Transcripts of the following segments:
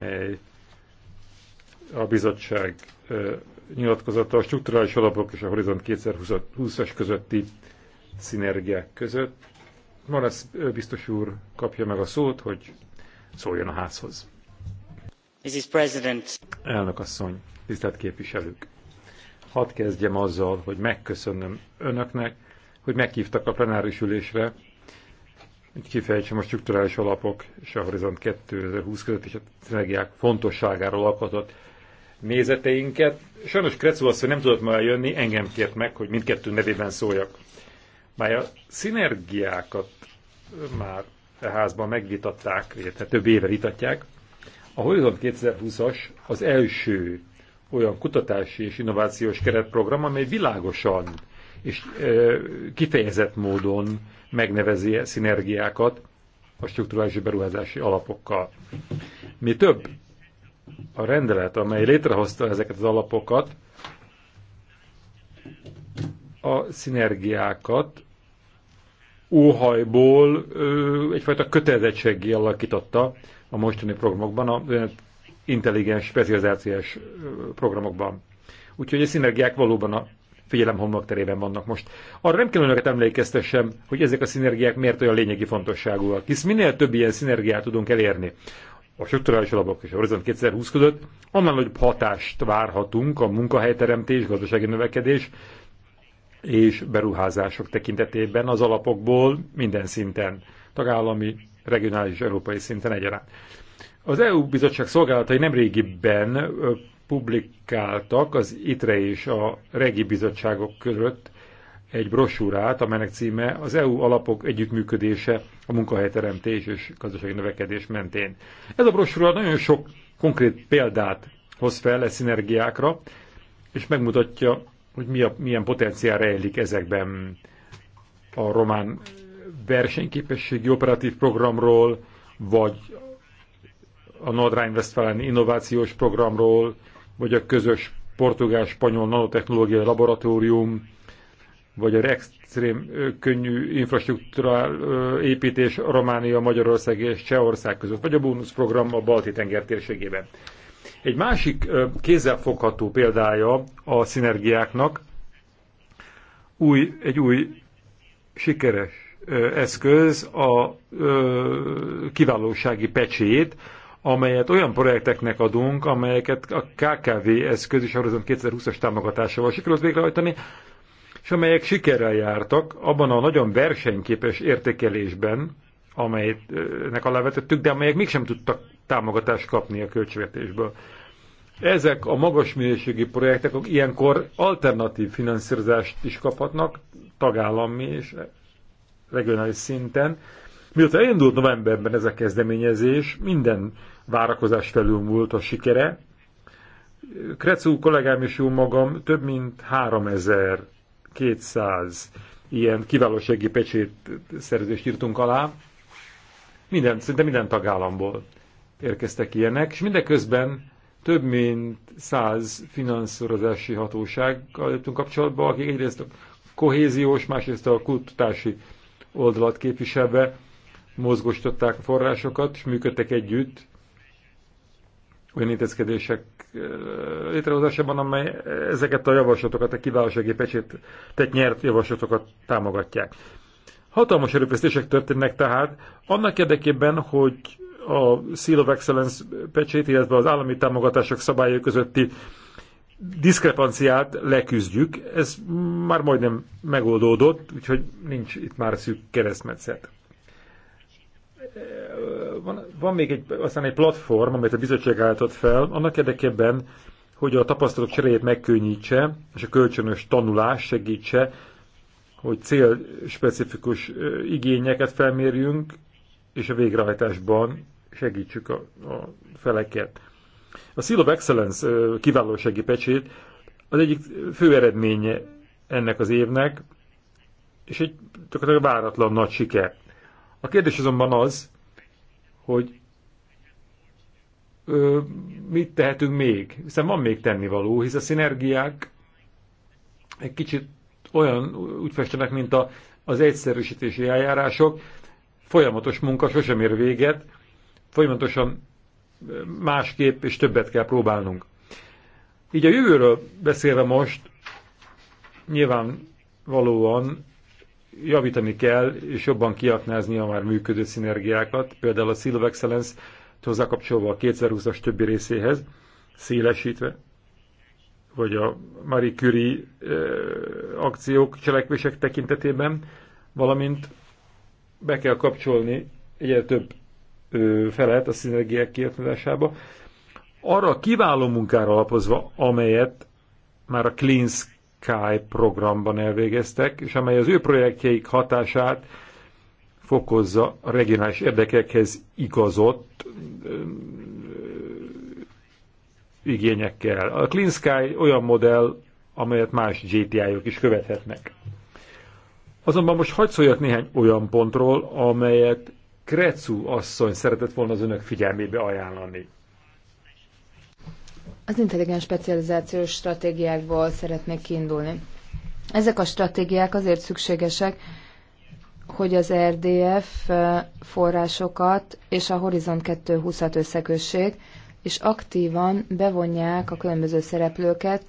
mely a bizottság nyilatkozata a strukturális alapok és a Horizont 2020-as közötti szinergiák között. Marasz biztos úr kapja meg a szót, hogy szóljon a házhoz. Mrs. President. Elnök asszony, tisztelt képviselők! Hadd kezdjem azzal, hogy megköszönöm önöknek, hogy meghívtak a plenáris ülésre, kifejtsem a strukturális alapok és a Horizont 2020 között és a energiák fontosságáról alkotott nézeteinket. Sajnos azt, hogy nem tudott ma eljönni, engem kért meg, hogy mindkettő nevében szóljak. Már a szinergiákat már a e házban megvitatták, illetve több éve vitatják. A Horizont 2020-as az első olyan kutatási és innovációs keretprogram, amely világosan és kifejezett módon megnevezi szinergiákat a struktúrális beruházási alapokkal. Mi több, a rendelet, amely létrehozta ezeket az alapokat, a szinergiákat óhajból ö, egyfajta kötelezettséggé alakította a mostani programokban, a intelligens specializációs programokban. Úgyhogy a szinergiák valóban a figyelem terében vannak most. Arra nem kell önöket emlékeztessem, hogy ezek a szinergiák miért olyan lényegi fontosságúak, hisz minél több ilyen szinergiát tudunk elérni a strukturális alapok és a Horizont 2020 között, annál nagyobb hatást várhatunk a munkahelyteremtés, gazdasági növekedés és beruházások tekintetében az alapokból minden szinten, tagállami, regionális, európai szinten egyaránt. Az EU bizottság szolgálatai nem régiben publikáltak az ITRE és a Regi Bizottságok között egy brosúrát, amelynek címe az EU alapok együttműködése a munkahelyteremtés és gazdasági növekedés mentén. Ez a brosúra nagyon sok konkrét példát hoz fel a e szinergiákra, és megmutatja, hogy mi a, milyen potenciál rejlik ezekben a román versenyképességi operatív programról, vagy a Nordrhein-Westfalen innovációs programról, vagy a közös portugál-spanyol nanotechnológiai laboratórium, vagy a extrém könnyű infrastruktúrál építés Románia, Magyarország és Csehország között, vagy a bónuszprogram a Balti tenger térségében. Egy másik kézzelfogható példája a szinergiáknak új, egy új sikeres eszköz a kiválósági pecsét, amelyet olyan projekteknek adunk, amelyeket a KKV eszköz és Horizon 2020-as támogatásával sikerült végrehajtani, és amelyek sikerrel jártak abban a nagyon versenyképes értékelésben, amelynek alávetettük, de amelyek mégsem tudtak támogatást kapni a költségvetésből. Ezek a magas minőségi projektek ilyenkor alternatív finanszírozást is kaphatnak tagállami és regionális szinten, Mióta elindult novemberben ez a kezdeményezés, minden várakozás felül múlt a sikere. Krecú kollégám és jó magam több mint 3200 ilyen kiválósági pecsét szerzést írtunk alá. Minden, szinte minden tagállamból érkeztek ilyenek, és mindeközben több mint száz finanszírozási hatósággal jöttünk kapcsolatba, akik egyrészt a kohéziós, másrészt a kutatási oldalat képviselve mozgostották a forrásokat, és működtek együtt olyan intézkedések létrehozásában, amely ezeket a javaslatokat, a kiválósági tehát nyert javaslatokat támogatják. Hatalmas erőfeszítések történnek tehát annak érdekében, hogy a Seal of Excellence pecsét, illetve az állami támogatások szabályai közötti diszkrepanciát leküzdjük. Ez már majdnem megoldódott, úgyhogy nincs itt már szűk keresztmetszet van, van még egy, aztán egy platform, amelyet a bizottság állított fel, annak érdekében, hogy a tapasztalatok cseréjét megkönnyítse, és a kölcsönös tanulás segítse, hogy célspecifikus igényeket felmérjünk, és a végrehajtásban segítsük a, a feleket. A Seal of Excellence kiválósági pecsét az egyik fő eredménye ennek az évnek, és egy tökéletesen váratlan nagy siker. A kérdés azonban az, hogy ö, mit tehetünk még, hiszen van még tennivaló, hisz a szinergiák egy kicsit olyan úgy festenek, mint a, az egyszerűsítési eljárások, folyamatos munka sosem ér véget, folyamatosan másképp és többet kell próbálnunk. Így a jövőről beszélve most, nyilvánvalóan javítani kell, és jobban kiaknázni a már működő szinergiákat, például a Seal of Excellence hozzákapcsolva a 2020-as többi részéhez, szélesítve, vagy a Marie Curie akciók, cselekvések tekintetében, valamint be kell kapcsolni egyre több felet a szinergiák kiaknázásába. Arra a kiváló munkára alapozva, amelyet már a Clean's Sky programban elvégeztek, és amely az ő projektjeik hatását fokozza a regionális érdekekhez igazott igényekkel. A Clean Sky olyan modell, amelyet más GTI-ok is követhetnek. Azonban most hagyd szóljak néhány olyan pontról, amelyet Krecu asszony szeretett volna az önök figyelmébe ajánlani. Az intelligens specializációs stratégiákból szeretnék kiindulni. Ezek a stratégiák azért szükségesek, hogy az RDF forrásokat és a Horizon 220-at összekössék, és aktívan bevonják a különböző szereplőket,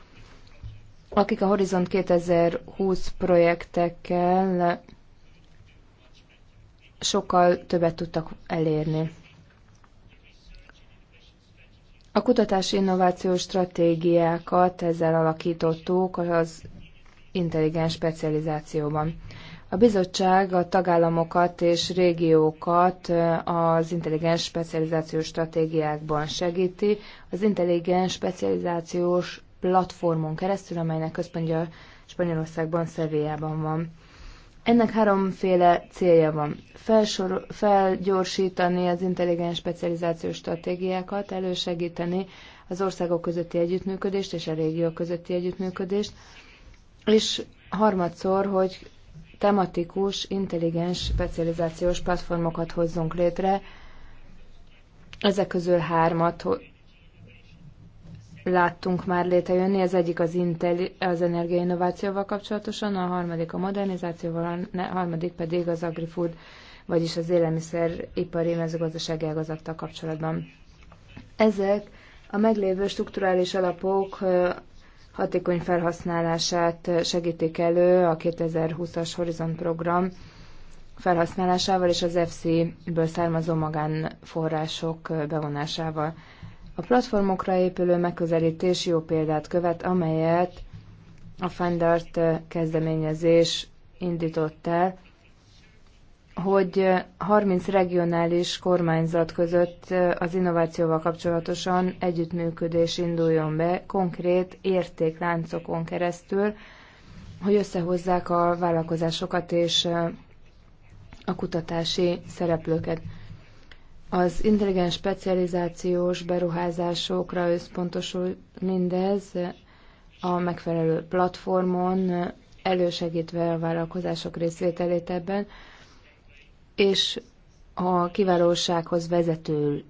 akik a Horizon 2020 projektekkel sokkal többet tudtak elérni. A kutatási innovációs stratégiákat ezzel alakítottuk az intelligens specializációban. A bizottság a tagállamokat és régiókat az intelligens specializációs stratégiákban segíti. Az intelligens specializációs platformon keresztül, amelynek központja Spanyolországban, Szevélyában van. Ennek háromféle célja van. Felsor, felgyorsítani az intelligens specializációs stratégiákat, elősegíteni az országok közötti együttműködést és a régiók közötti együttműködést, és harmadszor, hogy tematikus, intelligens specializációs platformokat hozzunk létre. Ezek közül hármat láttunk már létrejönni, az egyik az, Intel, az energiainnovációval kapcsolatosan, a harmadik a modernizációval, a harmadik pedig az agrifood, vagyis az élelmiszeripari mezőgazdasági ágazattal kapcsolatban. Ezek a meglévő strukturális alapok hatékony felhasználását segítik elő a 2020-as Horizon program felhasználásával és az FC-ből származó magánforrások bevonásával. A platformokra épülő megközelítés jó példát követ, amelyet a Fandart eh, kezdeményezés indított el, hogy 30 eh, regionális kormányzat között eh, az innovációval kapcsolatosan együttműködés induljon be konkrét értékláncokon keresztül, hogy összehozzák a vállalkozásokat és a kutatási szereplőket. Az intelligens specializációs beruházásokra összpontosul mindez a megfelelő platformon, elősegítve a vállalkozások részvételét ebben, és a kiválósághoz vezető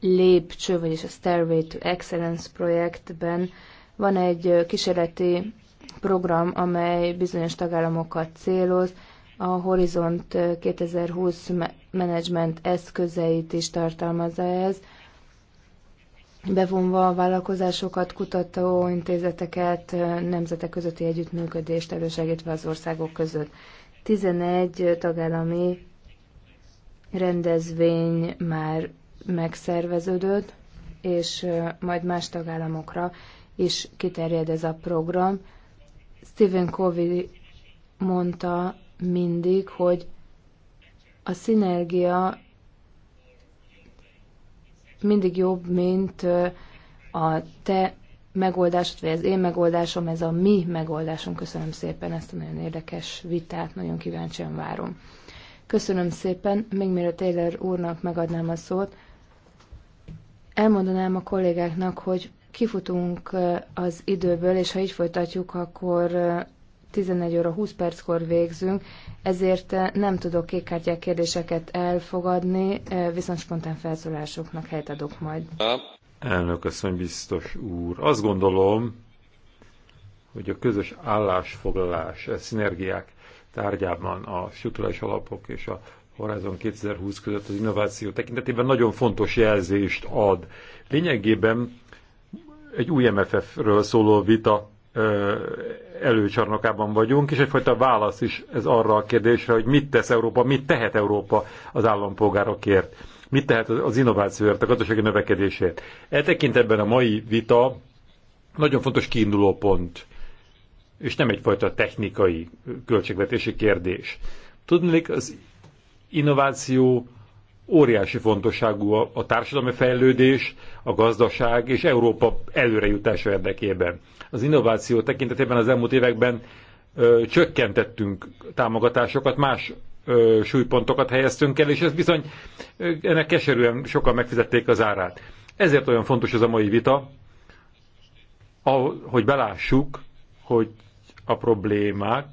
lépcső, vagyis a Stairway to Excellence projektben van egy kísérleti program, amely bizonyos tagállamokat céloz, a Horizont 2020 menedzsment eszközeit is tartalmazza ez, bevonva a vállalkozásokat, kutató intézeteket, nemzetek közötti együttműködést elősegítve az országok között. 11 tagállami rendezvény már megszerveződött, és majd más tagállamokra is kiterjed ez a program. Stephen Covey mondta, mindig, hogy a szinergia mindig jobb, mint a te megoldásod, vagy az én megoldásom, ez a mi megoldásom Köszönöm szépen ezt a nagyon érdekes vitát, nagyon kíváncsian várom. Köszönöm szépen, még mielőtt Taylor úrnak megadnám a szót, elmondanám a kollégáknak, hogy kifutunk az időből, és ha így folytatjuk, akkor 11 óra 20 perckor végzünk, ezért eh, nem tudok kékkártyák kérdéseket elfogadni, eh, viszont spontán felszólásoknak helyt adok majd. Elnök asszony, biztos úr. Azt gondolom, hogy a közös állásfoglalás, a eh, szinergiák tárgyában a struktúrális alapok és a Horizon 2020 között az innováció tekintetében nagyon fontos jelzést ad. Lényegében egy új MFF-ről szóló vita előcsarnokában vagyunk, és egyfajta válasz is ez arra a kérdésre, hogy mit tesz Európa, mit tehet Európa az állampolgárokért, mit tehet az innovációért, a gazdasági növekedésért. E tekintetben a mai vita nagyon fontos kiinduló pont, és nem egyfajta technikai költségvetési kérdés. Tudnék, az innováció óriási fontosságú a, társadalmi fejlődés, a gazdaság és Európa előrejutása érdekében az innováció tekintetében az elmúlt években ö, csökkentettünk támogatásokat, más ö, súlypontokat helyeztünk el, és ez bizony ö, ennek keserűen sokan megfizették az árát. Ezért olyan fontos ez a mai vita, hogy belássuk, hogy a problémák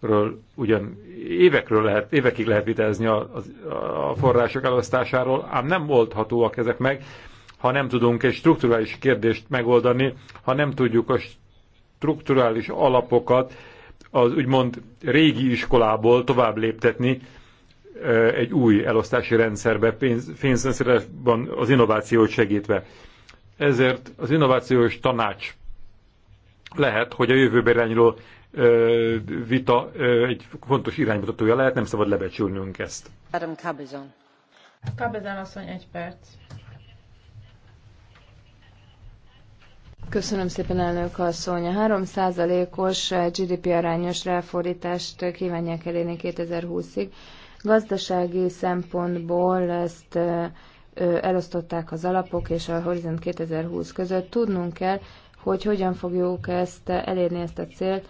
ről ugyan évekről lehet, évekig lehet vitázni a, a, a források elosztásáról, ám nem oldhatóak ezek meg ha nem tudunk egy strukturális kérdést megoldani, ha nem tudjuk a strukturális alapokat az úgymond régi iskolából tovább léptetni egy új elosztási rendszerbe, pénz, pénzrendszerben az innovációt segítve. Ezért az innovációs tanács lehet, hogy a jövőbe irányuló vita egy fontos iránymutatója lehet, nem szabad lebecsülnünk ezt. Adam Cabezon. Cabezon asszony, egy perc. Köszönöm szépen, elnök asszony. A 3%-os GDP arányos ráfordítást kívánják elérni 2020-ig. Gazdasági szempontból ezt elosztották az alapok és a Horizont 2020 között. Tudnunk kell, hogy hogyan fogjuk ezt elérni, ezt a célt,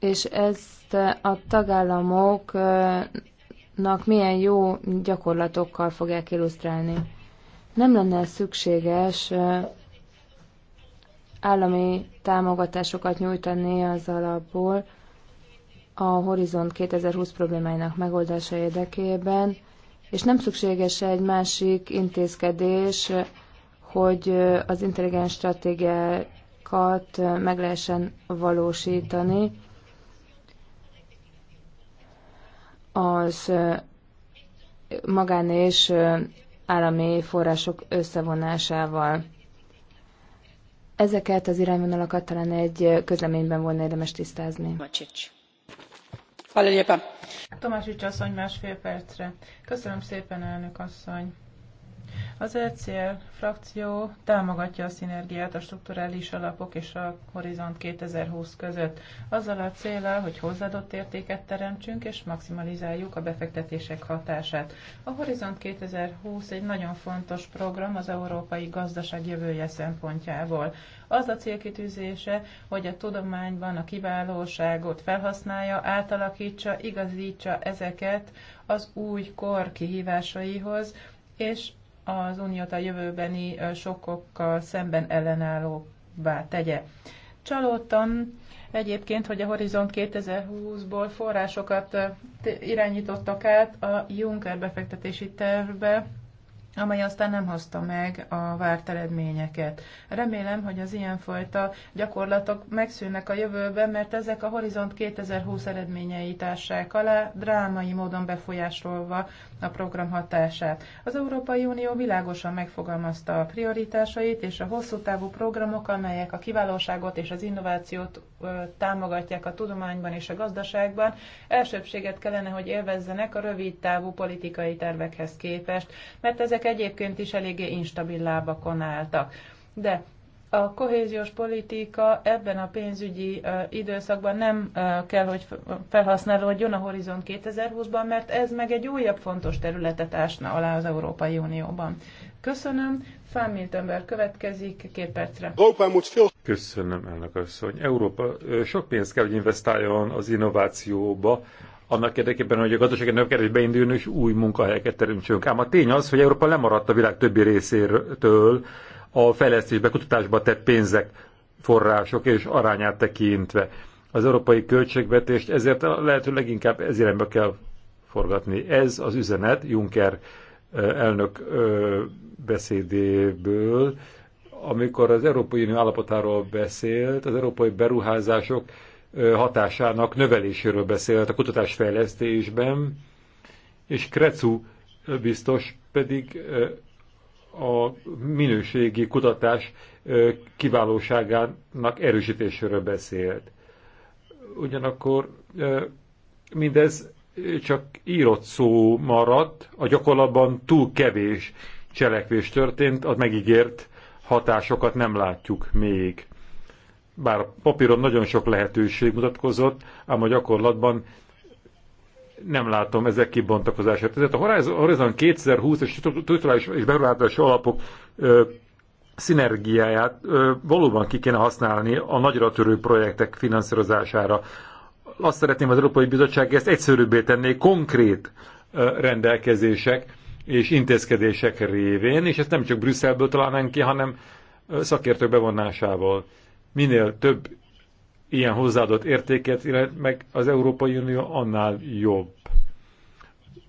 és ezt a tagállamoknak milyen jó gyakorlatokkal fogják illusztrálni. Nem lenne szükséges állami támogatásokat nyújtani az alapból a Horizont 2020 problémáinak megoldása érdekében, és nem szükséges egy másik intézkedés, hogy az intelligens stratégiákat meg lehessen valósítani. Az magán és állami források összevonásával. Ezeket az irányvonalakat talán egy közleményben volna érdemes tisztázni. Macsics. Tomásics asszony másfél percre. Köszönöm szépen, elnök asszony. Az ECL frakció támogatja a szinergiát a strukturális alapok és a Horizont 2020 között, azzal a célral, hogy hozzáadott értéket teremtsünk és maximalizáljuk a befektetések hatását. A Horizont 2020 egy nagyon fontos program az európai gazdaság jövője szempontjából. Az a célkitűzése, hogy a tudományban a kiválóságot felhasználja, átalakítsa, igazítsa ezeket az új kor kihívásaihoz, és az uniót a jövőbeni sokokkal szemben ellenállóvá tegye. Csalódtam egyébként, hogy a Horizont 2020-ból forrásokat irányítottak át a Juncker befektetési tervbe, amely aztán nem hozta meg a várt eredményeket. Remélem, hogy az ilyenfajta gyakorlatok megszűnnek a jövőben, mert ezek a Horizont 2020 eredményei társák alá drámai módon befolyásolva a program hatását. Az Európai Unió világosan megfogalmazta a prioritásait és a hosszú távú programok, amelyek a kiválóságot és az innovációt támogatják a tudományban és a gazdaságban, elsőbséget kellene, hogy élvezzenek a rövid távú politikai tervekhez képest, mert ezek egyébként is eléggé instabil lábakon álltak. De a kohéziós politika ebben a pénzügyi időszakban nem kell, hogy felhasználódjon a Horizont 2020-ban, mert ez meg egy újabb fontos területet ásna alá az Európai Unióban. Köszönöm. Van ember következik, két percre. Köszönöm, elnök asszony. Európa sok pénzt kell, hogy investáljon az innovációba, annak érdekében, hogy a gazdasági növekedés beinduljon és új munkahelyeket teremtsünk. Ám a tény az, hogy Európa lemaradt a világ többi részétől a fejlesztésbe, kutatásba tett pénzek, források és arányát tekintve. Az európai költségvetést ezért lehető leginkább ez irányba kell forgatni. Ez az üzenet Juncker elnök beszédéből, amikor az Európai Unió állapotáról beszélt, az európai beruházások hatásának növeléséről beszélt a kutatásfejlesztésben, és Krecu biztos pedig a minőségi kutatás kiválóságának erősítéséről beszélt. Ugyanakkor mindez csak írott szó maradt, a gyakorlatban túl kevés cselekvés történt, az megígért hatásokat nem látjuk még. Bár a papíron nagyon sok lehetőség mutatkozott, ám a gyakorlatban nem látom ezek kibontakozását. Tehát a Horizon 2020 és és beruházási alapok ö, szinergiáját ö, valóban ki kéne használni a nagyra törő projektek finanszírozására azt szeretném az Európai Bizottság ezt egyszerűbbé tenné konkrét rendelkezések és intézkedések révén, és ezt nem csak Brüsszelből találnánk ki, hanem szakértők bevonásával. Minél több ilyen hozzáadott értéket meg az Európai Unió, annál jobb.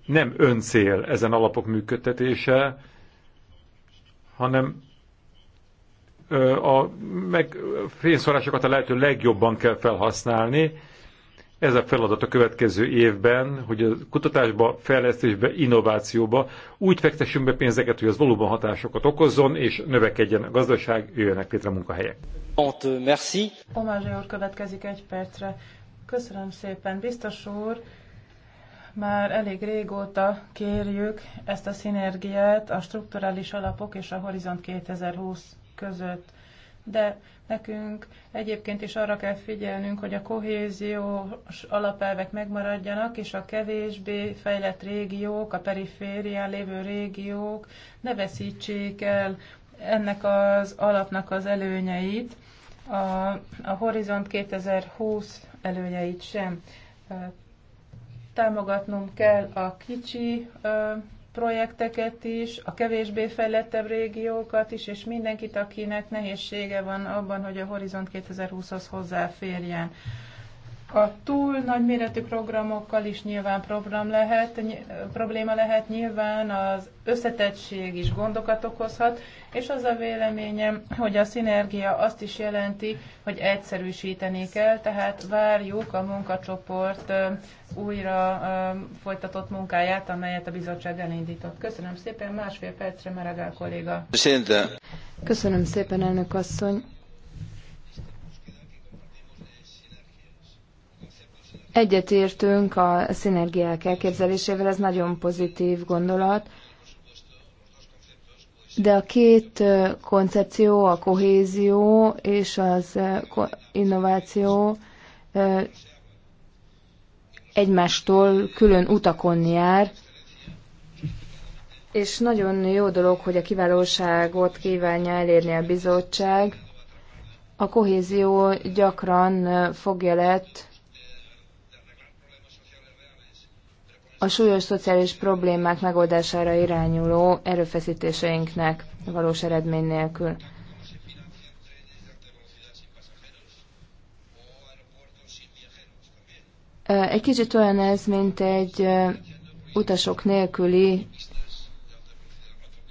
Nem öncél ezen alapok működtetése, hanem a meg a lehető legjobban kell felhasználni, ez a feladat a következő évben, hogy a kutatásba, fejlesztésbe, innovációba úgy fektessünk be pénzeket, hogy az valóban hatásokat okozzon, és növekedjen a gazdaság, jöjjenek létre munkahelyek. Merci. Omázsé úr következik egy percre. Köszönöm szépen, biztos úr. Már elég régóta kérjük ezt a szinergiát a strukturális alapok és a Horizont 2020 között de nekünk egyébként is arra kell figyelnünk, hogy a kohéziós alapelvek megmaradjanak, és a kevésbé fejlett régiók, a periférián lévő régiók ne veszítsék el ennek az alapnak az előnyeit, a, a Horizont 2020 előnyeit sem. Támogatnunk kell a kicsi projekteket is, a kevésbé fejlettebb régiókat is, és mindenkit, akinek nehézsége van abban, hogy a Horizont 2020-hoz hozzáférjen. A túl nagyméretű programokkal is nyilván program lehet, ny- probléma lehet, nyilván az összetettség is gondokat okozhat, és az a véleményem, hogy a szinergia azt is jelenti, hogy egyszerűsíteni kell, tehát várjuk a munkacsoport újra folytatott munkáját, amelyet a bizottság elindított. Köszönöm szépen, másfél percre Meregál kolléga. Köszönöm szépen, elnök asszony. Egyetértünk a szinergiák elképzelésével, ez nagyon pozitív gondolat, de a két koncepció, a kohézió és az innováció egymástól külön utakon jár, és nagyon jó dolog, hogy a kiválóságot kívánja elérni a bizottság. A kohézió gyakran fogja lett a súlyos szociális problémák megoldására irányuló erőfeszítéseinknek valós eredmény nélkül. Egy kicsit olyan ez, mint egy utasok nélküli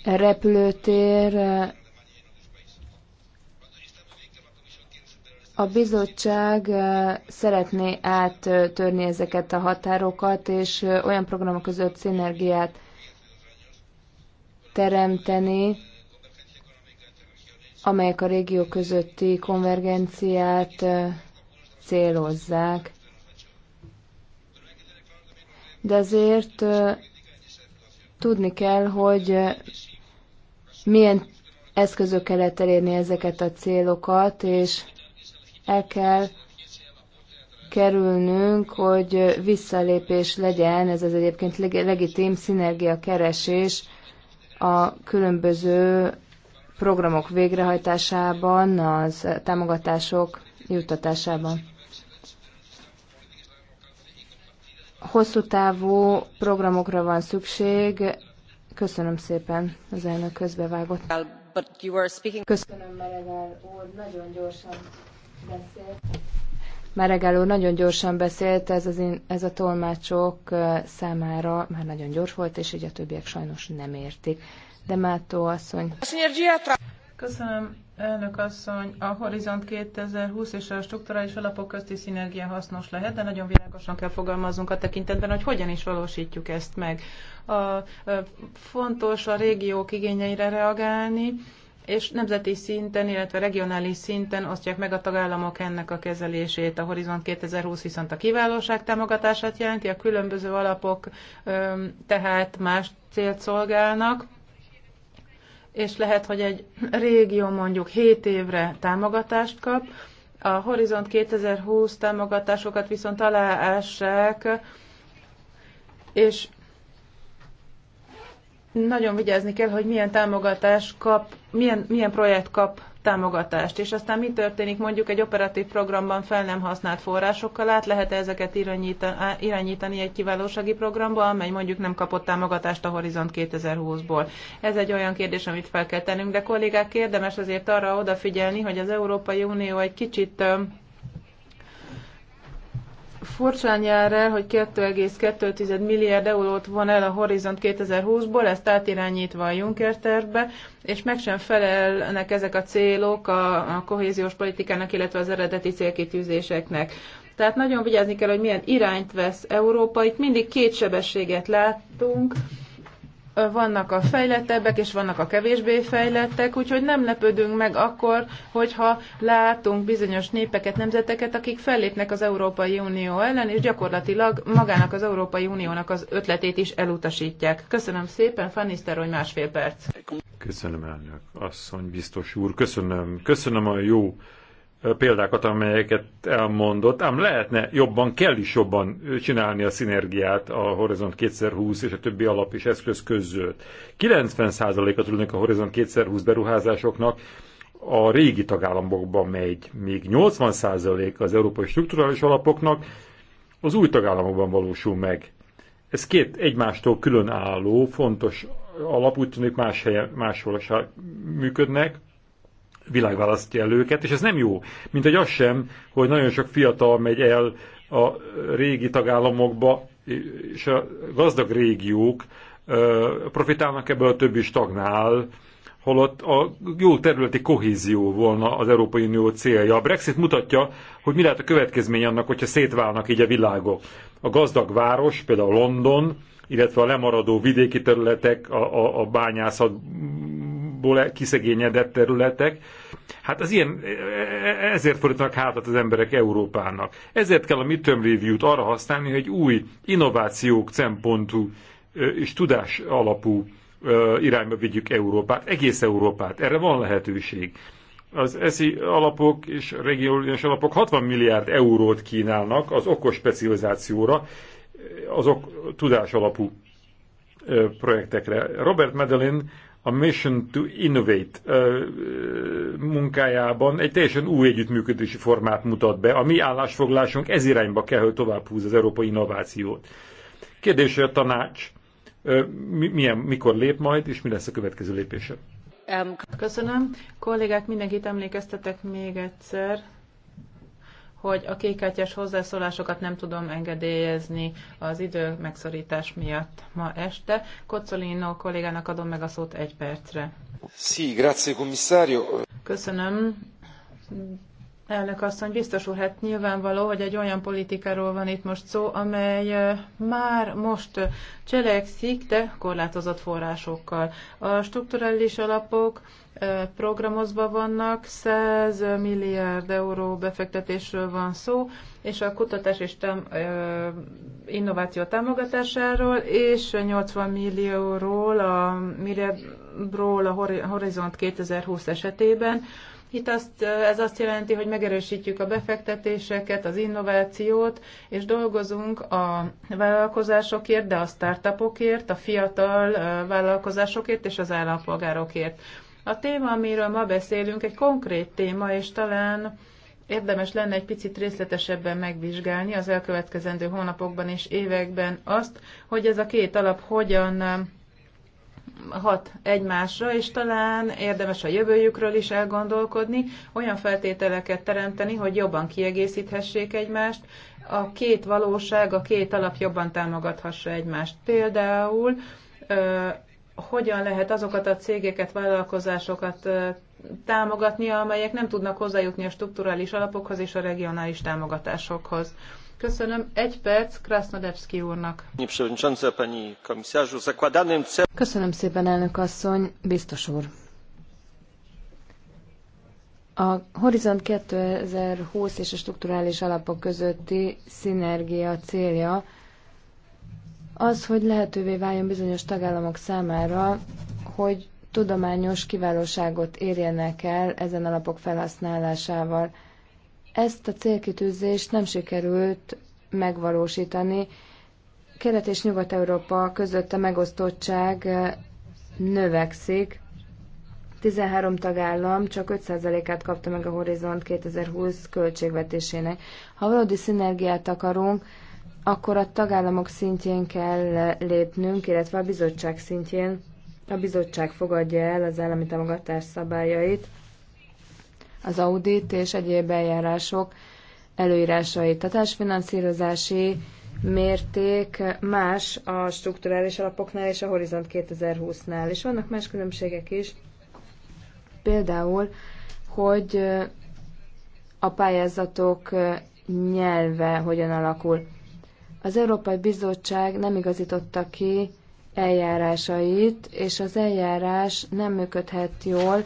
repülőtér, A bizottság eh, szeretné áttörni ezeket a határokat, és eh, olyan programok között szinergiát teremteni, amelyek a régió közötti konvergenciát eh, célozzák. De azért tudni kell, hogy milyen eszközökkel lehet elérni ezeket a célokat, és el kell kerülnünk, hogy visszalépés legyen, ez az egyébként legitim keresés a különböző programok végrehajtásában, az támogatások juttatásában. Hosszú távú programokra van szükség. Köszönöm szépen az elnök közbevágott. Köszönöm, Merevel úr, nagyon gyorsan. Már Meregel nagyon gyorsan beszélt, ez, az én, ez a tolmácsok számára már nagyon gyors volt, és így a többiek sajnos nem értik. De Mátó asszony. Köszönöm, elnök asszony. A Horizont 2020 és a strukturális alapok közti szinergia hasznos lehet, de nagyon világosan kell fogalmaznunk a tekintetben, hogy hogyan is valósítjuk ezt meg. A, a, fontos a régiók igényeire reagálni, és nemzeti szinten, illetve regionális szinten osztják meg a tagállamok ennek a kezelését. A Horizont 2020 viszont a kiválóság támogatását jelenti, a különböző alapok tehát más célt szolgálnak, és lehet, hogy egy régió mondjuk 7 évre támogatást kap, a Horizont 2020 támogatásokat viszont aláássák, és nagyon vigyázni kell, hogy milyen támogatás kap, milyen, milyen projekt kap támogatást, és aztán mi történik mondjuk egy operatív programban fel nem használt forrásokkal, át lehet -e ezeket irányítani egy kiválósági programba, amely mondjuk nem kapott támogatást a Horizont 2020-ból. Ez egy olyan kérdés, amit fel kell tennünk, de kollégák, érdemes azért arra odafigyelni, hogy az Európai Unió egy kicsit furcsán jár el, hogy 2,2 milliárd eurót von el a Horizont 2020-ból, ezt átirányítva a Juncker tervbe, és meg sem felelnek ezek a célok a, a kohéziós politikának, illetve az eredeti célkitűzéseknek. Tehát nagyon vigyázni kell, hogy milyen irányt vesz Európa. Itt mindig két sebességet látunk, vannak a fejlettebbek, és vannak a kevésbé fejlettek, úgyhogy nem lepődünk meg akkor, hogyha látunk bizonyos népeket, nemzeteket, akik fellépnek az Európai Unió ellen, és gyakorlatilag magának az Európai Uniónak az ötletét is elutasítják. Köszönöm szépen, Fannister, hogy másfél perc. Köszönöm elnök, asszony, biztos úr, köszönöm, köszönöm a jó példákat, amelyeket elmondott, ám lehetne jobban, kell is jobban csinálni a szinergiát a Horizont 2020 és a többi alap és eszköz között. 90%-a tudnak a Horizont 2020 beruházásoknak a régi tagállamokban megy, még 80% az európai strukturális alapoknak az új tagállamokban valósul meg. Ez két egymástól különálló, fontos alap, úgy tűnik más helyen, máshol működnek, világ választja el őket, és ez nem jó. Mint hogy az sem, hogy nagyon sok fiatal megy el a régi tagállamokba, és a gazdag régiók profitálnak ebből, a többi stagnál, holott a jó területi kohézió volna az Európai Unió célja. A Brexit mutatja, hogy mi lehet a következmény annak, hogyha szétválnak így a világok. A gazdag város, például London, illetve a lemaradó vidéki területek, a, a, a bányászat ból kiszegényedett területek. Hát az ilyen, e, e, e, ezért fordítanak hátat az emberek Európának. Ezért kell a midterm review-t arra használni, hogy új innovációk szempontú és tudás alapú irányba vigyük Európát, egész Európát. Erre van lehetőség. Az eszi alapok és regionális alapok 60 milliárd eurót kínálnak az okos specializációra, azok tudás alapú projektekre. Robert Medellin a Mission to Innovate ö, munkájában egy teljesen új együttműködési formát mutat be. A mi állásfoglásunk ez irányba kell, hogy tovább húz az európai innovációt. Kérdés, a tanács ö, milyen, mikor lép majd, és mi lesz a következő lépése? Köszönöm. Kollégák, mindenkit emlékeztetek még egyszer, hogy a kékkártyás hozzászólásokat nem tudom engedélyezni az idő megszorítás miatt ma este. Kocolino kollégának adom meg a szót egy percre. Sí, grazie, commissario. Köszönöm, Elnök asszony, biztos úr, hát nyilvánvaló, hogy egy olyan politikáról van itt most szó, amely már most cselekszik, de korlátozott forrásokkal. A strukturális alapok programozva vannak, 100 milliárd euró befektetésről van szó, és a kutatás és tám- innováció támogatásáról, és 80 millióról a, milliárdról a Horizont 2020 esetében, itt azt, ez azt jelenti, hogy megerősítjük a befektetéseket, az innovációt, és dolgozunk a vállalkozásokért, de a startupokért, a fiatal vállalkozásokért és az állampolgárokért. A téma, amiről ma beszélünk, egy konkrét téma, és talán érdemes lenne egy picit részletesebben megvizsgálni az elkövetkezendő hónapokban és években azt, hogy ez a két alap hogyan hat egymásra, és talán érdemes a jövőjükről is elgondolkodni, olyan feltételeket teremteni, hogy jobban kiegészíthessék egymást, a két valóság, a két alap jobban támogathassa egymást. Például hogyan lehet azokat a cégeket, vállalkozásokat támogatni, amelyek nem tudnak hozzájutni a strukturális alapokhoz és a regionális támogatásokhoz. Köszönöm. Egy perc Krasznodebszki úrnak. Köszönöm szépen, elnök asszony, biztos úr. A Horizont 2020 és a strukturális alapok közötti szinergia célja az, hogy lehetővé váljon bizonyos tagállamok számára, hogy tudományos kiválóságot érjenek el ezen alapok felhasználásával. Ezt a célkitűzést nem sikerült megvalósítani. Kelet és Nyugat-Európa között a megosztottság eh, növekszik. 13 tagállam csak 5%-át kapta meg a Horizont 2020 költségvetésének. Ha valódi szinergiát akarunk, akkor a tagállamok szintjén kell eh, lépnünk, illetve a bizottság szintjén. A bizottság fogadja el az állami támogatás szabályait, az audit és egyéb eljárások előírásait. A társfinanszírozási mérték más a strukturális alapoknál és a Horizont 2020-nál, és vannak más különbségek is. Például, hogy a pályázatok nyelve hogyan alakul. Az Európai Bizottság nem igazította ki eljárásait, és az eljárás nem működhet jól,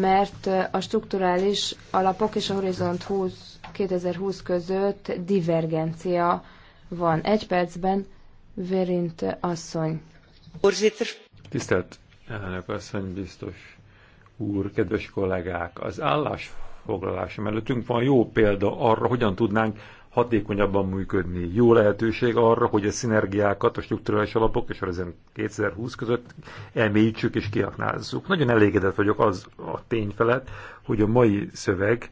mert a strukturális alapok és a Horizont 20, 2020 között divergencia van. Egy percben Verint asszony. Tisztelt elnök asszony, biztos úr, kedves kollégák! Az állásfoglalásom előttünk van jó példa arra, hogyan tudnánk hatékonyabban működni. Jó lehetőség arra, hogy a szinergiákat a struktúrális alapok és a 2020 között elmélyítsük és kiaknázzuk. Nagyon elégedett vagyok az a tény felett, hogy a mai szöveg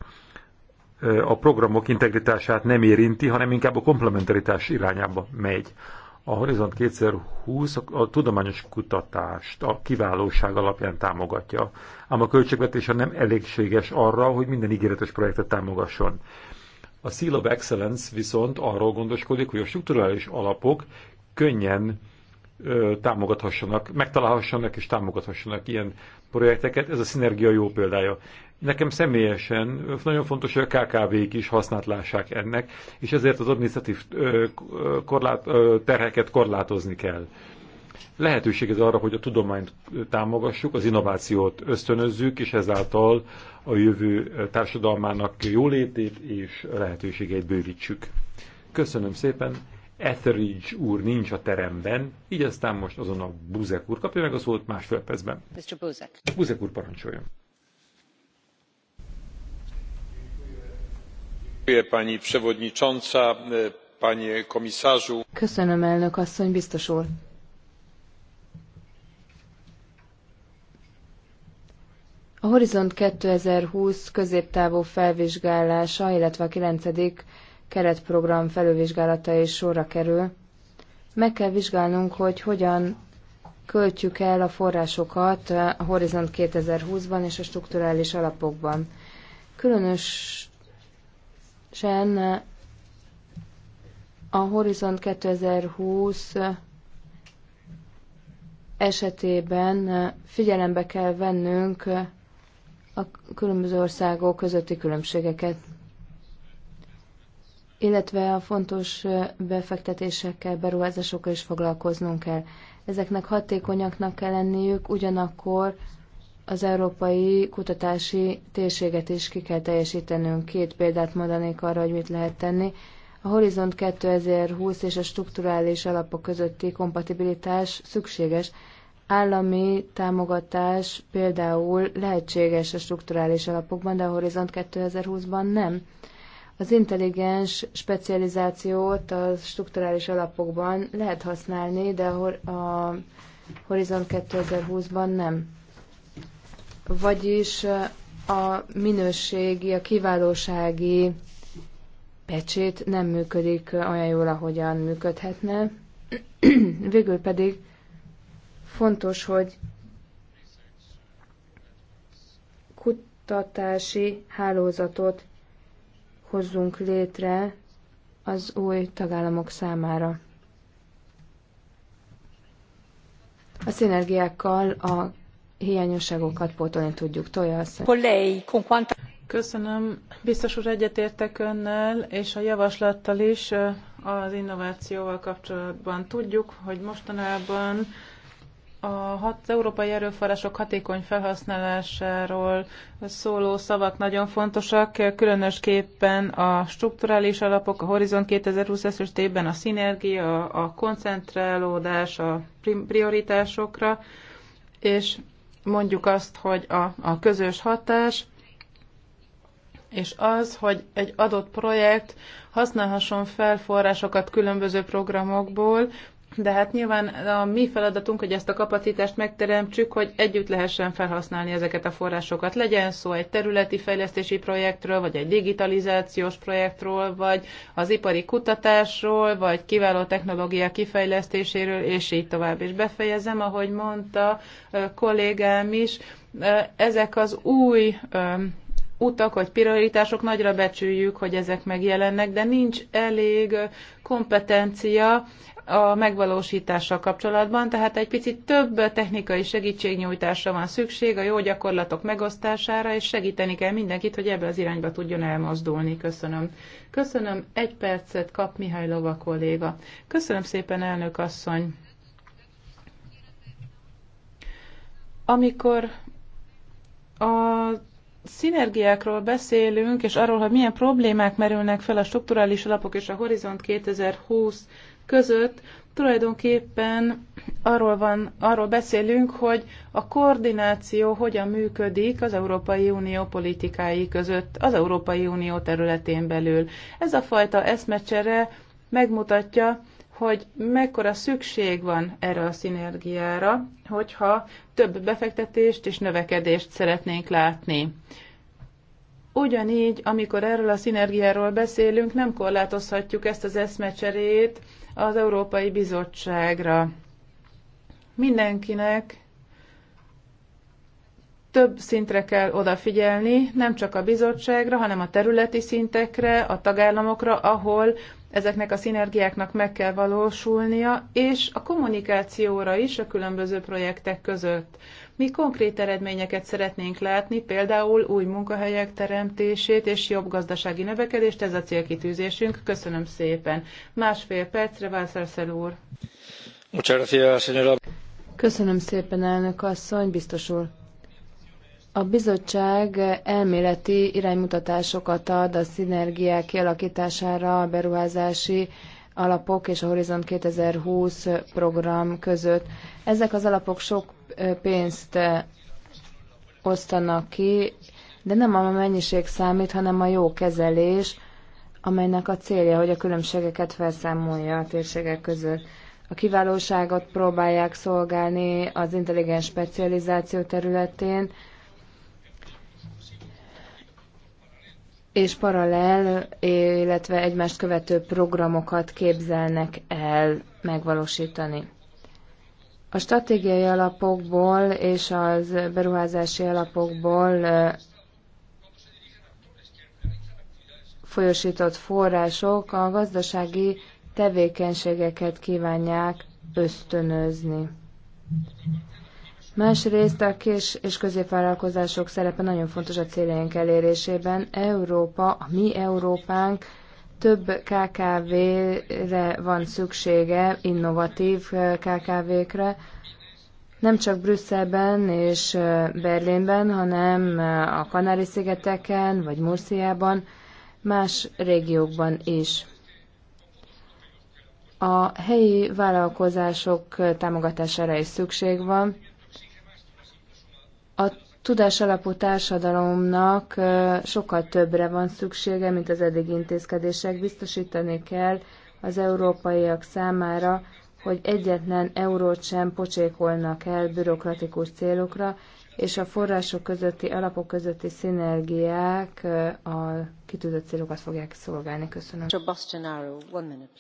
a programok integritását nem érinti, hanem inkább a komplementaritás irányába megy. A Horizont 2020 a tudományos kutatást a kiválóság alapján támogatja, ám a költségvetése nem elégséges arra, hogy minden ígéretes projektet támogasson. A Seal of Excellence viszont arról gondoskodik, hogy a strukturális alapok könnyen ö, támogathassanak, megtalálhassanak és támogathassanak ilyen projekteket. Ez a szinergia jó példája. Nekem személyesen nagyon fontos, hogy a KKV-k is használt lássák ennek, és ezért az administratív korlát, terheket korlátozni kell lehetőség ez arra, hogy a tudományt támogassuk, az innovációt ösztönözzük, és ezáltal a jövő társadalmának jólétét és lehetőségeit bővítsük. Köszönöm szépen! Etheridge úr nincs a teremben, így aztán most azon a Buzek úr kapja meg a szót másfél percben. Mr. Buzek. Buzek úr parancsoljon. Pani Köszönöm, elnök asszony, biztos úr. A Horizont 2020 középtávú felvizsgálása, illetve a 9. keretprogram felővizsgálata is sorra kerül. Meg kell vizsgálnunk, hogy hogyan költjük el a forrásokat a Horizont 2020-ban és a strukturális alapokban. Különösen a Horizont 2020 esetében figyelembe kell vennünk a különböző országok közötti különbségeket, illetve a fontos befektetésekkel, beruházásokkal is foglalkoznunk kell. Ezeknek hatékonyaknak kell lenniük, ugyanakkor az európai kutatási térséget is ki kell teljesítenünk. Két példát mondanék arra, hogy mit lehet tenni. A Horizont 2020 és a strukturális alapok közötti kompatibilitás szükséges, állami támogatás például lehetséges a strukturális alapokban, de a Horizont 2020-ban nem. Az intelligens specializációt a strukturális alapokban lehet használni, de a Horizont 2020-ban nem. Vagyis a minőségi, a kiválósági pecsét nem működik olyan jól, ahogyan működhetne. Végül pedig Fontos, hogy kutatási hálózatot hozzunk létre az új tagállamok számára. A szinergiákkal a hiányosságokat pótolni tudjuk. Tolja Köszönöm. Biztos úr egyetértek önnel, és a javaslattal is az innovációval kapcsolatban. Tudjuk, hogy mostanában a hat, az európai erőforrások hatékony felhasználásáról szóló szavak nagyon fontosak, különösképpen a strukturális alapok, a Horizon 2020 esetében a szinergia, a koncentrálódás a prioritásokra, és mondjuk azt, hogy a, a közös hatás, és az, hogy egy adott projekt használhasson fel forrásokat különböző programokból, de hát nyilván a mi feladatunk, hogy ezt a kapacitást megteremtsük, hogy együtt lehessen felhasználni ezeket a forrásokat. Legyen szó egy területi fejlesztési projektről, vagy egy digitalizációs projektről, vagy az ipari kutatásról, vagy kiváló technológia kifejlesztéséről, és így tovább. És befejezem, ahogy mondta kollégám is, ezek az új utak vagy prioritások, nagyra becsüljük, hogy ezek megjelennek, de nincs elég kompetencia a megvalósítással kapcsolatban, tehát egy picit több technikai segítségnyújtásra van szükség, a jó gyakorlatok megosztására, és segíteni kell mindenkit, hogy ebbe az irányba tudjon elmozdulni. Köszönöm. Köszönöm. Egy percet kap Mihály Lova kolléga. Köszönöm szépen, elnök asszony. Amikor az szinergiákról beszélünk, és arról, hogy milyen problémák merülnek fel a strukturális alapok és a Horizont 2020 között, tulajdonképpen arról, van, arról beszélünk, hogy a koordináció hogyan működik az Európai Unió politikái között, az Európai Unió területén belül. Ez a fajta eszmecsere megmutatja, hogy mekkora szükség van erre a szinergiára, hogyha több befektetést és növekedést szeretnénk látni. Ugyanígy, amikor erről a szinergiáról beszélünk, nem korlátozhatjuk ezt az eszmecserét az Európai Bizottságra. Mindenkinek több szintre kell odafigyelni, nem csak a bizottságra, hanem a területi szintekre, a tagállamokra, ahol ezeknek a szinergiáknak meg kell valósulnia, és a kommunikációra is a különböző projektek között. Mi konkrét eredményeket szeretnénk látni, például új munkahelyek teremtését és jobb gazdasági növekedést, ez a célkitűzésünk. Köszönöm szépen. Másfél percre, Vászárszel úr. Köszönöm szépen, elnök asszony, biztos úr. A bizottság elméleti iránymutatásokat ad a szinergiák kialakítására a beruházási alapok és a Horizont 2020 program között. Ezek az alapok sok pénzt osztanak ki, de nem a mennyiség számít, hanem a jó kezelés, amelynek a célja, hogy a különbségeket felszámolja a térségek között. A kiválóságot próbálják szolgálni az intelligens specializáció területén, és paralel, eh, illetve egymást követő programokat képzelnek el megvalósítani. A stratégiai alapokból és az beruházási alapokból eh, folyosított források a gazdasági tevékenységeket kívánják ösztönözni. Másrészt a kis és középvállalkozások szerepe nagyon fontos a céljaink elérésében. Európa, a mi Európánk több KKV-re van szüksége, innovatív eh, KKV-kre, nem csak Brüsszelben és eh, Berlinben, hanem eh, a Kanári-szigeteken vagy Murciában, más régiókban is. A helyi vállalkozások támogatására is szükség van a tudás alapú társadalomnak sokkal többre van szüksége, mint az eddig intézkedések. Biztosítani kell az európaiak számára, hogy egyetlen eurót sem pocsékolnak el bürokratikus célokra, és a források közötti, alapok közötti szinergiák a kitűzött célokat fogják szolgálni. Köszönöm.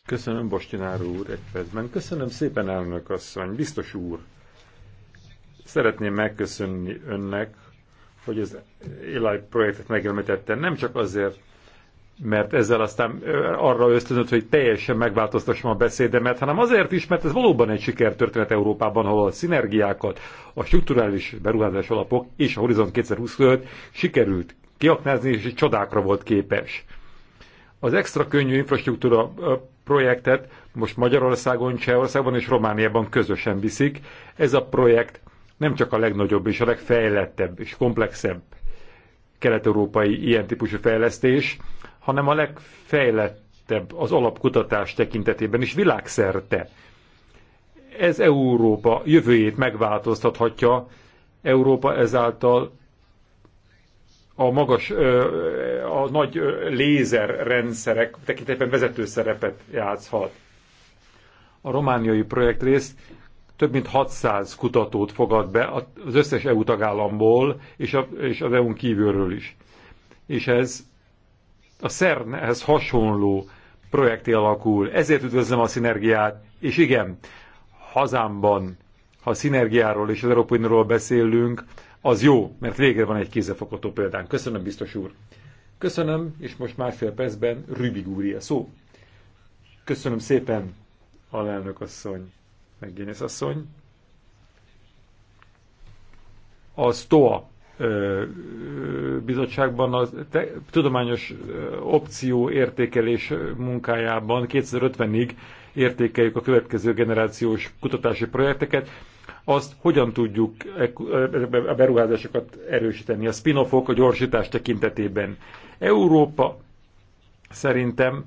Köszönöm, Bostináró úr, egy percben. Köszönöm szépen, elnök asszony, biztos úr. Szeretném megköszönni önnek, hogy az Eli projektet megjelentette. Nem csak azért, mert ezzel aztán arra ösztönött, hogy teljesen megváltoztassam a beszédemet, hanem azért is, mert ez valóban egy sikertörténet Európában, ahol a szinergiákat, a strukturális beruházás alapok és a Horizont 2025 sikerült kiaknázni, és egy csodákra volt képes. Az extra könnyű infrastruktúra projektet most Magyarországon, Csehországban és Romániában közösen viszik. Ez a projekt nem csak a legnagyobb és a legfejlettebb és komplexebb kelet-európai ilyen típusú fejlesztés, hanem a legfejlettebb az alapkutatás tekintetében is világszerte. Ez Európa jövőjét megváltoztathatja, Európa ezáltal a magas, a nagy lézerrendszerek tekintetében vezető szerepet játszhat. A romániai rész több mint 600 kutatót fogad be az összes EU tagállamból és, a, és az EU-n kívülről is. És ez a CERN-hez hasonló projekté alakul. Ezért üdvözlöm a szinergiát, és igen, hazámban, ha a szinergiáról és az Európai Unióról beszélünk, az jó, mert végre van egy kézzelfogható példánk. Köszönöm, biztos úr. Köszönöm, és most másfél percben Rübig úr szó. Köszönöm szépen, alelnök asszony. Génész asszony. A STOA bizottságban a te, tudományos opció értékelés munkájában 2050-ig értékeljük a következő generációs kutatási projekteket, azt hogyan tudjuk a beruházásokat erősíteni, a spin-offok, a gyorsítás tekintetében. Európa szerintem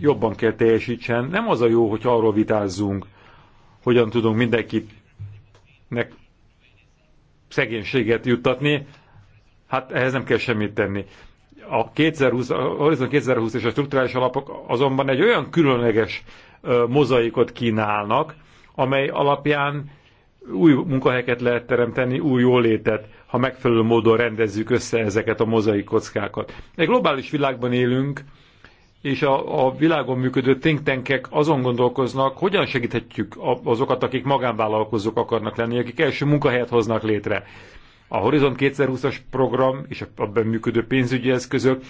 jobban kell teljesítsen. Nem az a jó, hogy arról vitázzunk, hogyan tudunk mindenkinek szegénységet juttatni, hát ehhez nem kell semmit tenni. A 2020, a Horizon 2020 és a strukturális alapok azonban egy olyan különleges mozaikot kínálnak, amely alapján új munkahelyeket lehet teremteni, új jólétet, ha megfelelő módon rendezzük össze ezeket a mozaik kockákat. Egy globális világban élünk, és a, a világon működő think tankek azon gondolkoznak, hogyan segíthetjük azokat, akik magánvállalkozók akarnak lenni, akik első munkahelyet hoznak létre. A Horizont 2020-as program és abban működő pénzügyi eszközök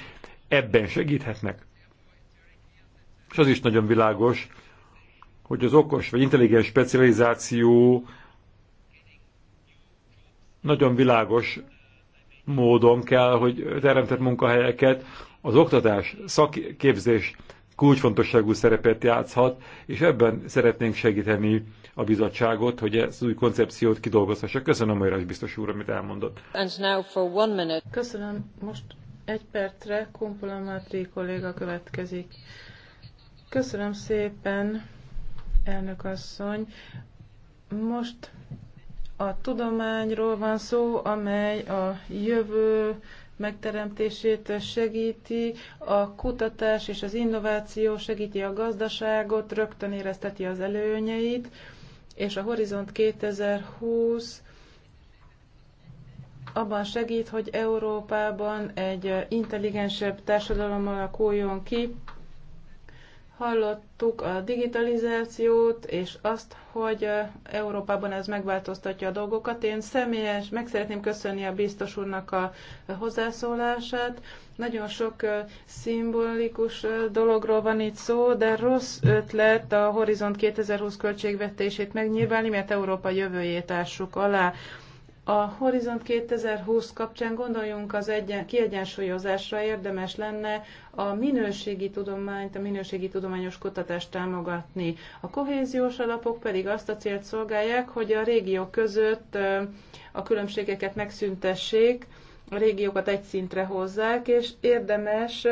ebben segíthetnek. És az is nagyon világos, hogy az okos vagy intelligens specializáció nagyon világos módon kell, hogy teremtett munkahelyeket az oktatás, szakképzés kulcsfontosságú szerepet játszhat, és ebben szeretnénk segíteni a bizottságot, hogy ezt új koncepciót kidolgozhassa. Köszönöm, Ajrás biztos úr, amit elmondott. And now for one minute. Köszönöm. Most egy percre Kumpula Mátri kolléga következik. Köszönöm szépen, elnök asszony. Most a tudományról van szó, amely a jövő megteremtését segíti, a kutatás és az innováció segíti a gazdaságot, rögtön érezteti az előnyeit, és a Horizont 2020 abban segít, hogy Európában egy intelligensebb társadalom alakuljon ki, Hallottuk a digitalizációt, és azt, hogy Európában ez megváltoztatja a dolgokat. Én személyes, meg szeretném köszönni a biztos úrnak a hozzászólását. Nagyon sok szimbolikus dologról van itt szó, de rossz ötlet a Horizont 2020 költségvetését megnyilvánni, mert Európa jövőjét ássuk alá. A Horizont 2020 kapcsán gondoljunk az egyen, kiegyensúlyozásra érdemes lenne a minőségi tudományt, a minőségi tudományos kutatást támogatni. A kohéziós alapok pedig azt a célt szolgálják, hogy a régiók között a különbségeket megszüntessék, a régiókat egy szintre hozzák, és érdemes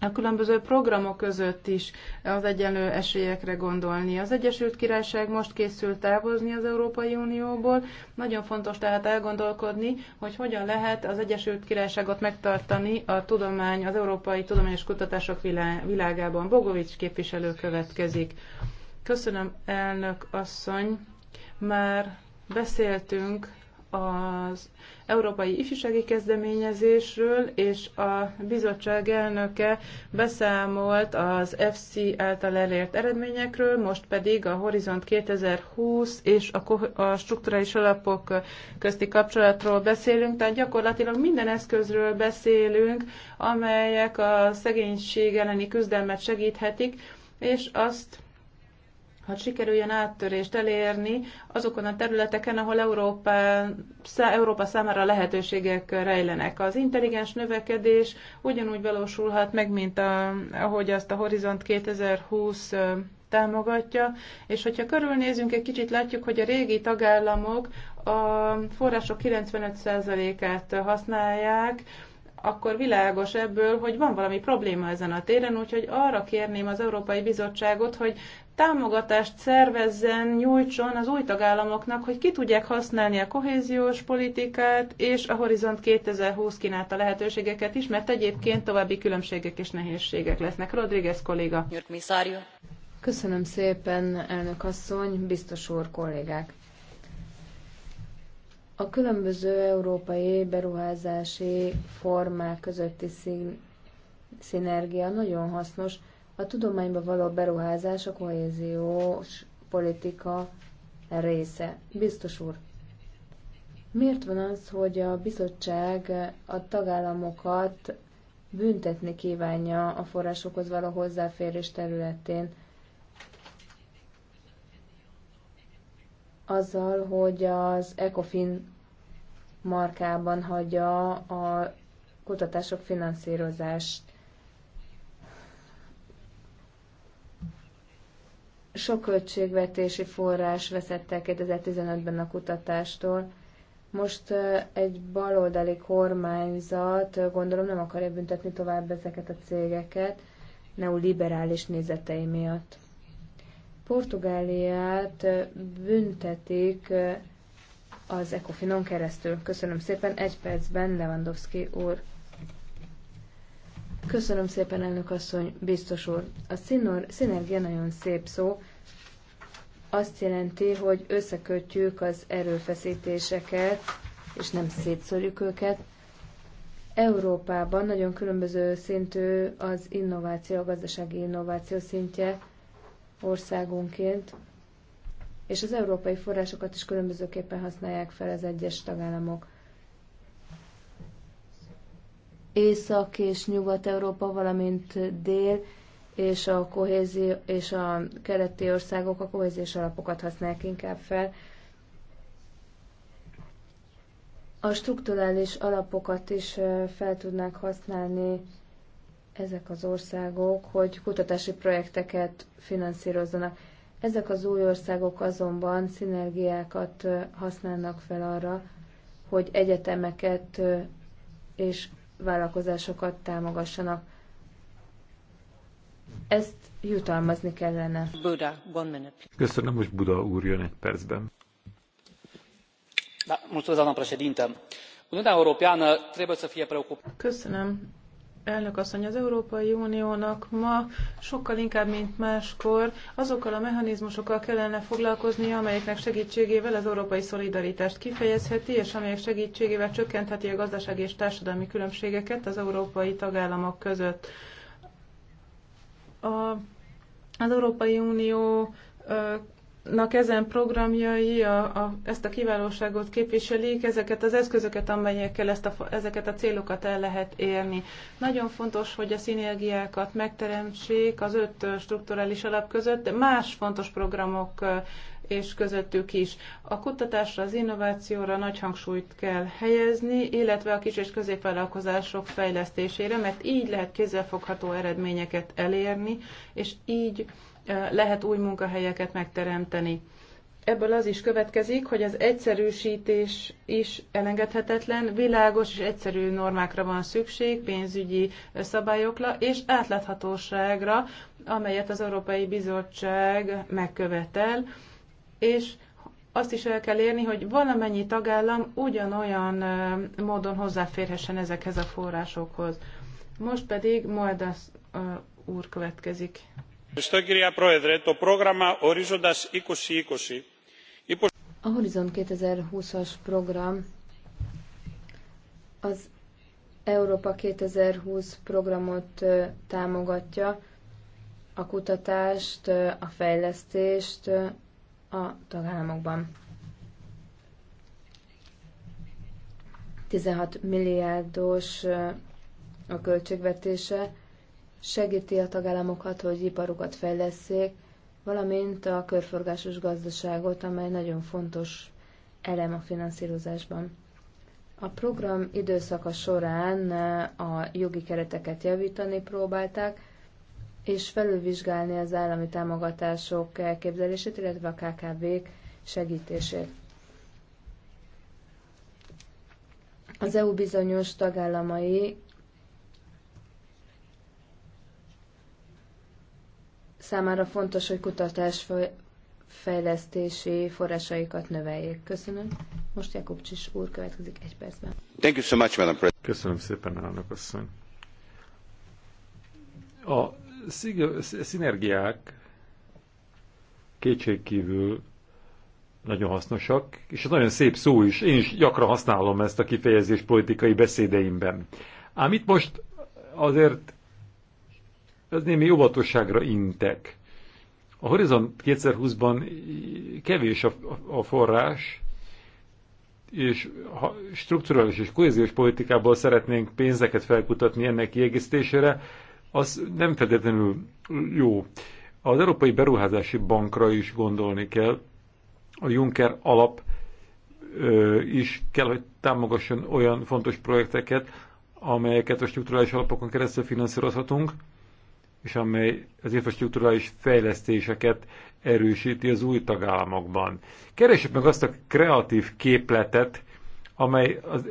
a különböző programok között is az egyenlő esélyekre gondolni. Az Egyesült Királyság most készül távozni az Európai Unióból. Nagyon fontos tehát elgondolkodni, hogy hogyan lehet az Egyesült Királyságot megtartani a tudomány, az európai tudományos kutatások világában. Bogovics képviselő következik. Köszönöm, elnök asszony. Már beszéltünk az Európai Ifjúsági Kezdeményezésről, és a bizottság elnöke beszámolt az FC által elért eredményekről, most pedig a Horizont 2020 és a, a strukturális alapok közti kapcsolatról beszélünk, tehát gyakorlatilag minden eszközről beszélünk, amelyek a szegénység elleni küzdelmet segíthetik, és azt hogy sikerüljön áttörést elérni azokon a területeken, ahol Európa, Európa számára lehetőségek rejlenek. Az intelligens növekedés ugyanúgy valósulhat meg, mint a, ahogy azt a Horizont 2020 támogatja, és hogyha körülnézünk, egy kicsit látjuk, hogy a régi tagállamok a források 95%-át használják, akkor világos ebből, hogy van valami probléma ezen a téren, úgyhogy arra kérném az Európai Bizottságot, hogy támogatást szervezzen, nyújtson az új tagállamoknak, hogy ki tudják használni a kohéziós politikát és a Horizont 2020 kínálta lehetőségeket is, mert egyébként további különbségek és nehézségek lesznek. Rodriguez kolléga. Köszönöm szépen, elnök asszony, biztos úr kollégák. A különböző európai beruházási formák közötti szín, szinergia nagyon hasznos. A tudományba való beruházás a kohéziós politika része. Biztos úr, miért van az, hogy a bizottság a tagállamokat büntetni kívánja a forrásokhoz való hozzáférés területén? azzal, hogy az ECOFIN markában hagyja a kutatások finanszírozást. Sok költségvetési forrás veszett el 2015-ben a kutatástól. Most egy baloldali kormányzat gondolom nem akarja büntetni tovább ezeket a cégeket neoliberális nézetei miatt. Portugáliát büntetik az Ecofinon keresztül. Köszönöm szépen, egy percben Lewandowski úr. Köszönöm szépen, elnök asszony, biztos úr. A színor, szinergia nagyon szép szó. Azt jelenti, hogy összekötjük az erőfeszítéseket, és nem szétszorjuk őket. Európában nagyon különböző szintű az innováció, a gazdasági innováció szintje országonként, és az európai forrásokat is különbözőképpen használják fel az egyes tagállamok. Észak és Nyugat-Európa, valamint Dél és a kohézi és a keleti országok a kohéziós alapokat használják inkább fel. A strukturális alapokat is fel tudnák használni ezek az országok, hogy kutatási projekteket finanszírozzanak. Ezek az új országok azonban szinergiákat használnak fel arra, hogy egyetemeket és vállalkozásokat támogassanak. Ezt jutalmazni kellene. Buda, one minute. Köszönöm, most Buda úr jön egy percben. Da, mulțumesc, doamna președintă. Uniunea Europeană trebuie să fie preocupată. Köszönöm, Elnök asszony, az Európai Uniónak ma sokkal inkább, mint máskor azokkal a mechanizmusokkal kellene foglalkoznia, amelyeknek segítségével az európai szolidaritást kifejezheti, és amelyek segítségével csökkentheti a gazdasági és társadalmi különbségeket az európai tagállamok között. A, az Európai Unió Nak ezen programjai a, a, ezt a kiválóságot képviselik, ezeket az eszközöket, amelyekkel ezt a, ezeket a célokat el lehet érni. Nagyon fontos, hogy a szinergiákat megteremtsék az öt strukturális alap között, de más fontos programok és közöttük is. A kutatásra, az innovációra nagy hangsúlyt kell helyezni, illetve a kis és középvállalkozások fejlesztésére, mert így lehet kézzelfogható eredményeket elérni, és így lehet új munkahelyeket megteremteni. Ebből az is következik, hogy az egyszerűsítés is elengedhetetlen, világos és egyszerű normákra van szükség, pénzügyi szabályokra és átláthatóságra, amelyet az Európai Bizottság megkövetel, és azt is el kell érni, hogy valamennyi tagállam ugyanolyan módon hozzáférhessen ezekhez a forrásokhoz. Most pedig Moldas úr következik. A Horizon 2020-as program az Európa 2020 programot támogatja, a kutatást, a fejlesztést a tagállamokban. 16 milliárdos a költségvetése segíti a tagállamokat, hogy iparukat fejleszék, valamint a körforgásos gazdaságot, amely nagyon fontos elem a finanszírozásban. A program időszaka során a jogi kereteket javítani próbálták, és felülvizsgálni az állami támogatások elképzelését, illetve a KKV-k segítését. Az EU bizonyos tagállamai számára fontos, hogy kutatás fejlesztési forrásaikat növeljék. Köszönöm. Most Jakub Csis úr következik egy percben. Thank you so much, Madam President. Köszönöm szépen, elnök asszony. A szinergiák kétségkívül nagyon hasznosak, és ez nagyon szép szó is. Én is gyakran használom ezt a kifejezést politikai beszédeimben. Ám itt most azért némi óvatosságra intek. A Horizont 2020-ban kevés a, a forrás, és ha strukturális és kohéziós politikából szeretnénk pénzeket felkutatni ennek kiegészítésére, az nem feltétlenül jó. Az Európai Beruházási Bankra is gondolni kell. A Juncker alap ö, is kell, hogy támogasson olyan fontos projekteket, amelyeket a strukturális alapokon keresztül finanszírozhatunk, és amely az infrastruktúrális fejlesztéseket erősíti az új tagállamokban. Keresjük meg azt a kreatív képletet, amely az,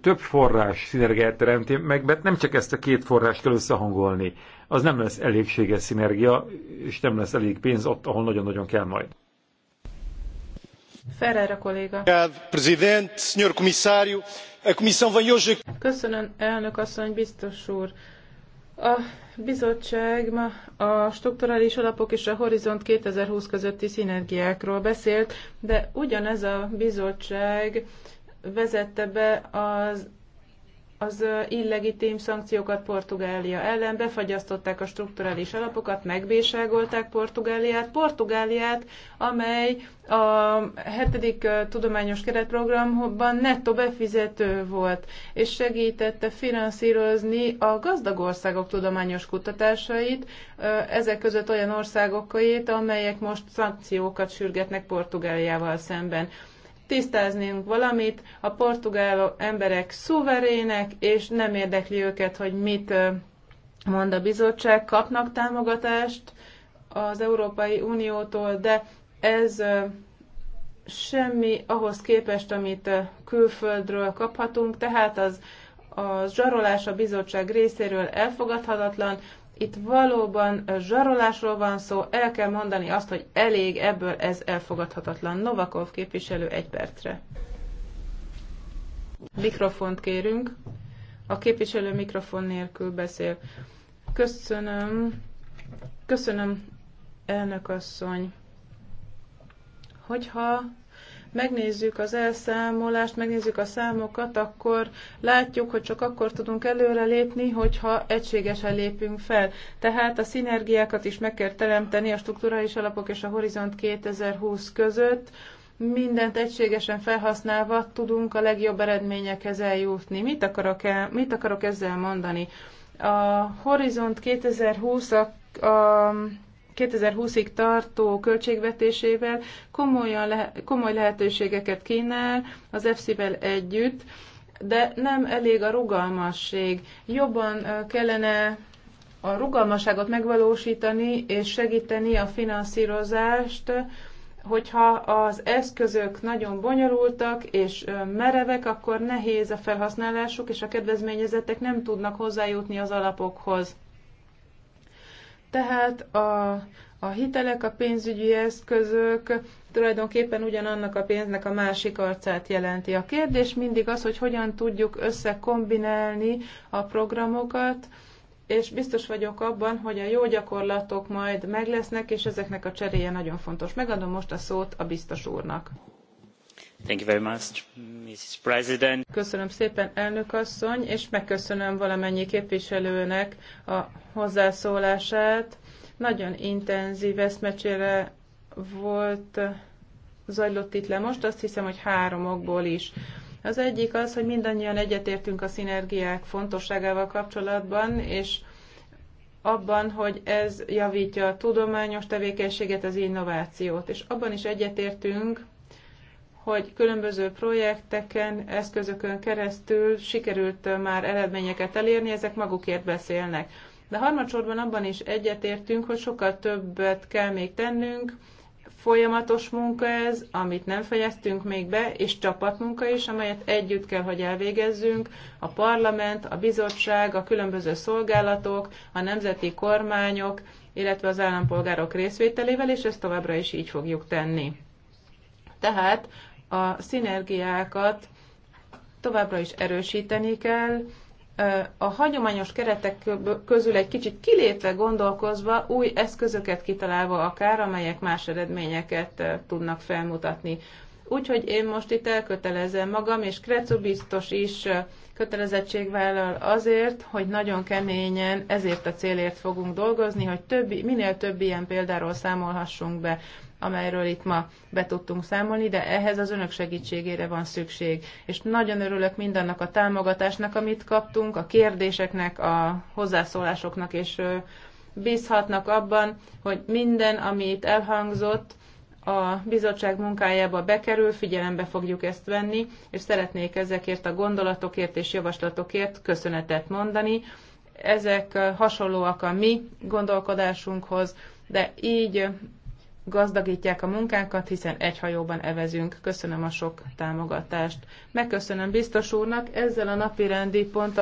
több forrás szinergiát teremti meg, mert nem csak ezt a két forrást kell összehangolni. Az nem lesz elégséges szinergia, és nem lesz elég pénz ott, ahol nagyon-nagyon kell majd. Ferreira kolléga. Köszönöm, elnök asszony, biztos úr. A bizottság ma a strukturális alapok és a Horizont 2020 közötti szinergiákról beszélt, de ugyanez a bizottság vezette be az az illegitim szankciókat Portugália ellen, befagyasztották a strukturális alapokat, megbéságolták Portugáliát, Portugáliát, amely a hetedik tudományos keretprogramban nettó befizető volt, és segítette finanszírozni a gazdag országok tudományos kutatásait, ezek között olyan országokait, amelyek most szankciókat sürgetnek Portugáliával szemben tisztáznénk valamit, a portugál emberek szuverének, és nem érdekli őket, hogy mit mond a bizottság, kapnak támogatást az Európai Uniótól, de ez semmi ahhoz képest, amit külföldről kaphatunk, tehát az a zsarolás a bizottság részéről elfogadhatatlan, itt valóban zsarolásról van szó, el kell mondani azt, hogy elég, ebből ez elfogadhatatlan. Novakov képviselő egy percre. Mikrofont kérünk. A képviselő mikrofon nélkül beszél. Köszönöm. Köszönöm, elnök asszony. Hogyha megnézzük az elszámolást, megnézzük a számokat, akkor látjuk, hogy csak akkor tudunk előrelépni, hogyha egységesen lépünk fel. Tehát a szinergiákat is meg kell teremteni a strukturális alapok és a Horizont 2020 között, mindent egységesen felhasználva tudunk a legjobb eredményekhez eljutni. Mit akarok, el, mit akarok ezzel mondani? A Horizont 2020 a, a 2020-ig tartó költségvetésével komolyan le, komoly lehetőségeket kínál az EFSZ-vel együtt, de nem elég a rugalmasség. Jobban kellene a rugalmasságot megvalósítani és segíteni a finanszírozást, hogyha az eszközök nagyon bonyolultak és merevek, akkor nehéz a felhasználásuk, és a kedvezményezettek nem tudnak hozzájutni az alapokhoz. Tehát a, a hitelek, a pénzügyi eszközök tulajdonképpen ugyanannak a pénznek a másik arcát jelenti. A kérdés mindig az, hogy hogyan tudjuk összekombinálni a programokat, és biztos vagyok abban, hogy a jó gyakorlatok majd meglesznek, és ezeknek a cseréje nagyon fontos. Megadom most a szót a biztos úrnak. Köszönöm szépen, elnök asszony, és megköszönöm valamennyi képviselőnek a hozzászólását. Nagyon intenzív eszmecsére volt, zajlott itt le most, azt hiszem, hogy három okból is. Az egyik az, hogy mindannyian egyetértünk a szinergiák fontosságával kapcsolatban, és abban, hogy ez javítja a tudományos tevékenységet, az innovációt. És abban is egyetértünk, hogy különböző projekteken, eszközökön keresztül sikerült már eredményeket elérni, ezek magukért beszélnek. De harmadsorban abban is egyetértünk, hogy sokkal többet kell még tennünk, folyamatos munka ez, amit nem fejeztünk még be, és csapatmunka is, amelyet együtt kell, hogy elvégezzünk, a parlament, a bizottság, a különböző szolgálatok, a nemzeti kormányok, illetve az állampolgárok részvételével, és ezt továbbra is így fogjuk tenni. Tehát a szinergiákat továbbra is erősíteni kell, a hagyományos keretek közül egy kicsit kilépve gondolkozva, új eszközöket kitalálva akár, amelyek más eredményeket tudnak felmutatni. Úgyhogy én most itt elkötelezem magam, és Krecu biztos is kötelezettségvállal azért, hogy nagyon keményen ezért a célért fogunk dolgozni, hogy többi, minél több ilyen példáról számolhassunk be amelyről itt ma be tudtunk számolni, de ehhez az önök segítségére van szükség. És nagyon örülök mindannak a támogatásnak, amit kaptunk, a kérdéseknek, a hozzászólásoknak, és bízhatnak abban, hogy minden, ami itt elhangzott, a bizottság munkájába bekerül, figyelembe fogjuk ezt venni, és szeretnék ezekért a gondolatokért és javaslatokért köszönetet mondani. Ezek hasonlóak a mi gondolkodásunkhoz, de így gazdagítják a munkánkat, hiszen egy hajóban evezünk. Köszönöm a sok támogatást. Megköszönöm biztos úrnak, ezzel a napi rendi ponttal